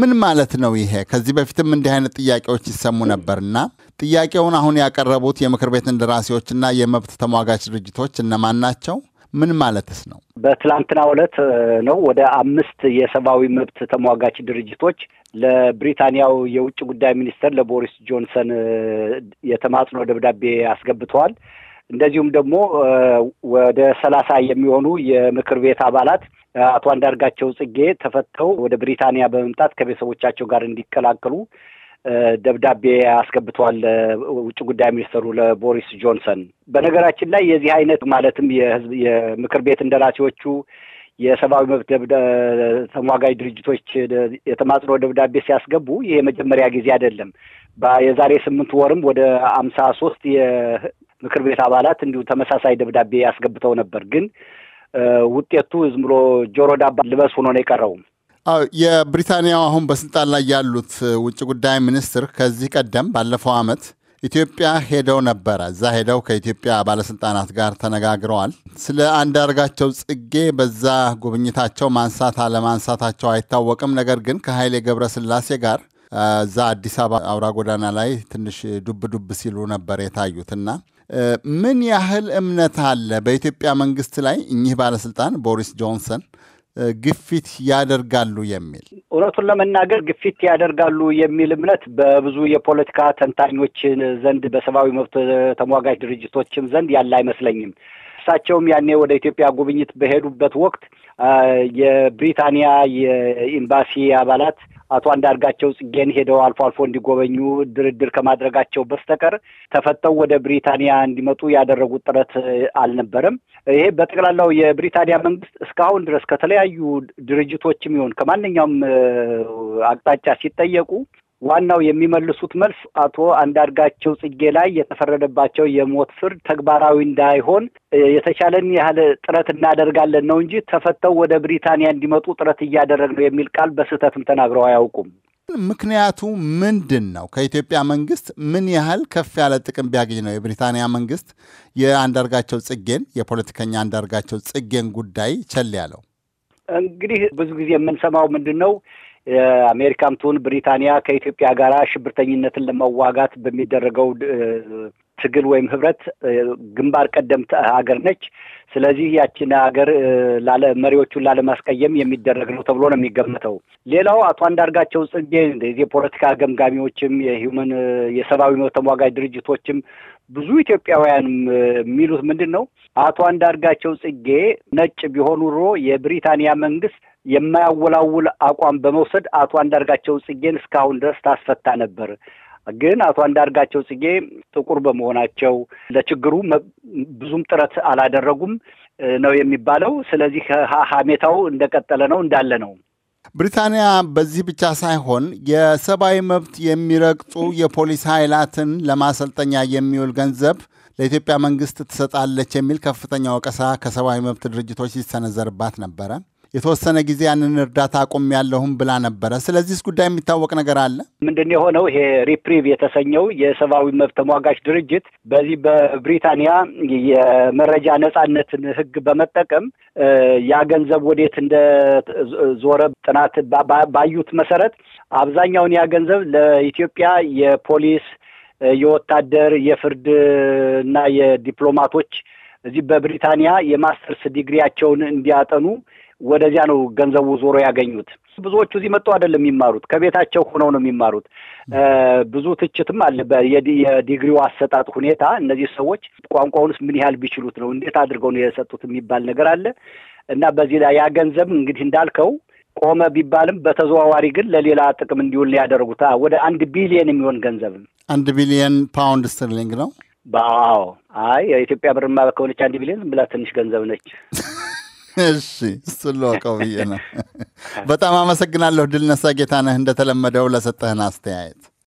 ምን ማለት ነው ይሄ? ከዚህ በፊትም እንዲህ አይነት ጥያቄዎች ይሰሙ ነበርና ጥያቄውን አሁን ያቀረቡት የምክር ቤት እንደራሴዎችና የመብት ተሟጋች ድርጅቶች እነማን ናቸው? ምን ማለትስ ነው? በትላንትናው ዕለት ነው ወደ አምስት የሰብአዊ መብት ተሟጋች ድርጅቶች ለብሪታንያው የውጭ ጉዳይ ሚኒስትር ለቦሪስ ጆንሰን የተማጽኖ ደብዳቤ አስገብተዋል። እንደዚሁም ደግሞ ወደ ሰላሳ የሚሆኑ የምክር ቤት አባላት አቶ አንዳርጋቸው ጽጌ ተፈተው ወደ ብሪታንያ በመምጣት ከቤተሰቦቻቸው ጋር እንዲቀላቀሉ ደብዳቤ አስገብተዋል ውጭ ጉዳይ ሚኒስትሩ ለቦሪስ ጆንሰን። በነገራችን ላይ የዚህ አይነት ማለትም የህዝብ የምክር ቤት እንደራሴዎቹ የሰብአዊ መብት ተሟጋጅ ድርጅቶች የተማጽኖ ደብዳቤ ሲያስገቡ ይሄ የመጀመሪያ ጊዜ አይደለም። የዛሬ ስምንት ወርም ወደ አምሳ ሶስት ምክር ቤት አባላት እንዲሁ ተመሳሳይ ደብዳቤ ያስገብተው ነበር። ግን ውጤቱ ዝም ብሎ ጆሮ ዳባ ልበስ ሆኖ ነው የቀረውም። የብሪታንያው አሁን በስልጣን ላይ ያሉት ውጭ ጉዳይ ሚኒስትር ከዚህ ቀደም ባለፈው ዓመት ኢትዮጵያ ሄደው ነበረ። እዛ ሄደው ከኢትዮጵያ ባለስልጣናት ጋር ተነጋግረዋል። ስለ አንዳርጋቸው ጽጌ በዛ ጉብኝታቸው ማንሳት አለማንሳታቸው አይታወቅም። ነገር ግን ከኃይሌ ገብረስላሴ ጋር እዛ አዲስ አበባ አውራ ጎዳና ላይ ትንሽ ዱብ ዱብ ሲሉ ነበር የታዩት እና ምን ያህል እምነት አለ በኢትዮጵያ መንግስት ላይ እኚህ ባለስልጣን ቦሪስ ጆንሰን ግፊት ያደርጋሉ የሚል እውነቱን ለመናገር ግፊት ያደርጋሉ የሚል እምነት በብዙ የፖለቲካ ተንታኞች ዘንድ በሰብአዊ መብት ተሟጋጅ ድርጅቶችም ዘንድ ያለ አይመስለኝም። እሳቸውም ያኔ ወደ ኢትዮጵያ ጉብኝት በሄዱበት ወቅት የብሪታንያ የኤምባሲ አባላት አቶ አንዳርጋቸው ጽጌን ሄደው አልፎ አልፎ እንዲጎበኙ ድርድር ከማድረጋቸው በስተቀር ተፈተው ወደ ብሪታንያ እንዲመጡ ያደረጉት ጥረት አልነበረም። ይሄ በጠቅላላው የብሪታንያ መንግስት እስካሁን ድረስ ከተለያዩ ድርጅቶችም ይሁን ከማንኛውም አቅጣጫ ሲጠየቁ ዋናው የሚመልሱት መልስ አቶ አንዳርጋቸው ጽጌ ላይ የተፈረደባቸው የሞት ፍርድ ተግባራዊ እንዳይሆን የተቻለን ያህል ጥረት እናደርጋለን ነው እንጂ ተፈተው ወደ ብሪታንያ እንዲመጡ ጥረት እያደረግ ነው የሚል ቃል በስህተትም ተናግረው አያውቁም። ምክንያቱ ምንድን ነው? ከኢትዮጵያ መንግስት ምን ያህል ከፍ ያለ ጥቅም ቢያገኝ ነው የብሪታንያ መንግስት የአንዳርጋቸው ጽጌን የፖለቲከኛ አንዳርጋቸው ጽጌን ጉዳይ ቸል ያለው? እንግዲህ ብዙ ጊዜ የምንሰማው ምንድን ነው የአሜሪካም ትሁን ብሪታንያ ከኢትዮጵያ ጋር ሽብርተኝነትን ለመዋጋት በሚደረገው ትግል ወይም ህብረት ግንባር ቀደምት ሀገር ነች። ስለዚህ ያችን ሀገር ላለ መሪዎቹን ላለማስቀየም የሚደረግ ነው ተብሎ ነው የሚገመተው። ሌላው አቶ አንዳርጋቸው ጽጌ እንደዚህ የፖለቲካ ገምጋሚዎችም የሁመን የሰብአዊ መብት ተሟጋጅ ድርጅቶችም ብዙ ኢትዮጵያውያን የሚሉት ምንድን ነው አቶ አንዳርጋቸው ጽጌ ነጭ ቢሆን ኑሮ የብሪታንያ መንግስት የማያወላውል አቋም በመውሰድ አቶ አንዳርጋቸው ጽጌን እስካሁን ድረስ ታስፈታ ነበር። ግን አቶ አንዳርጋቸው ጽጌ ጥቁር በመሆናቸው ለችግሩ ብዙም ጥረት አላደረጉም ነው የሚባለው። ስለዚህ ሀሜታው እንደቀጠለ ነው እንዳለ ነው። ብሪታንያ በዚህ ብቻ ሳይሆን የሰብአዊ መብት የሚረግጡ የፖሊስ ኃይላትን ለማሰልጠኛ የሚውል ገንዘብ ለኢትዮጵያ መንግስት ትሰጣለች የሚል ከፍተኛ ወቀሳ ከሰብአዊ መብት ድርጅቶች ሲሰነዘርባት ነበረ። የተወሰነ ጊዜ ያንን እርዳታ አቁም ያለሁም ብላ ነበረ። ስለዚህስ ጉዳይ የሚታወቅ ነገር አለ? ምንድን የሆነው ይሄ ሪፕሪቭ የተሰኘው የሰብአዊ መብት ተሟጋች ድርጅት በዚህ በብሪታንያ የመረጃ ነጻነትን ሕግ በመጠቀም ያ ገንዘብ ወዴት እንደ ዞረ ጥናት ባዩት መሰረት አብዛኛውን ያ ገንዘብ ለኢትዮጵያ የፖሊስ የወታደር የፍርድ እና የዲፕሎማቶች እዚህ በብሪታንያ የማስተርስ ዲግሪያቸውን እንዲያጠኑ ወደዚያ ነው ገንዘቡ ዞሮ ያገኙት። ብዙዎቹ እዚህ መጥተው አይደለም የሚማሩት፣ ከቤታቸው ሆነው ነው የሚማሩት። ብዙ ትችትም አለ የዲግሪው አሰጣጥ ሁኔታ። እነዚህ ሰዎች ቋንቋውንስ ምን ያህል ቢችሉት ነው እንዴት አድርገው ነው የሰጡት የሚባል ነገር አለ እና በዚህ ላይ ያ ገንዘብ እንግዲህ እንዳልከው ቆመ ቢባልም በተዘዋዋሪ ግን ለሌላ ጥቅም እንዲውል ያደረጉት ወደ አንድ ቢሊየን የሚሆን ገንዘብ አንድ ቢሊየን ፓውንድ ስተርሊንግ ነው። በአዎ አይ የኢትዮጵያ ብርማ ከሆነች አንድ ቢሊየን ብላ ትንሽ ገንዘብ ነች። እሺ እሱን ለወቀው ብዬ ነው። በጣም አመሰግናለሁ ድልነሳ ጌታነህ እንደተለመደው ለሰጠህን አስተያየት።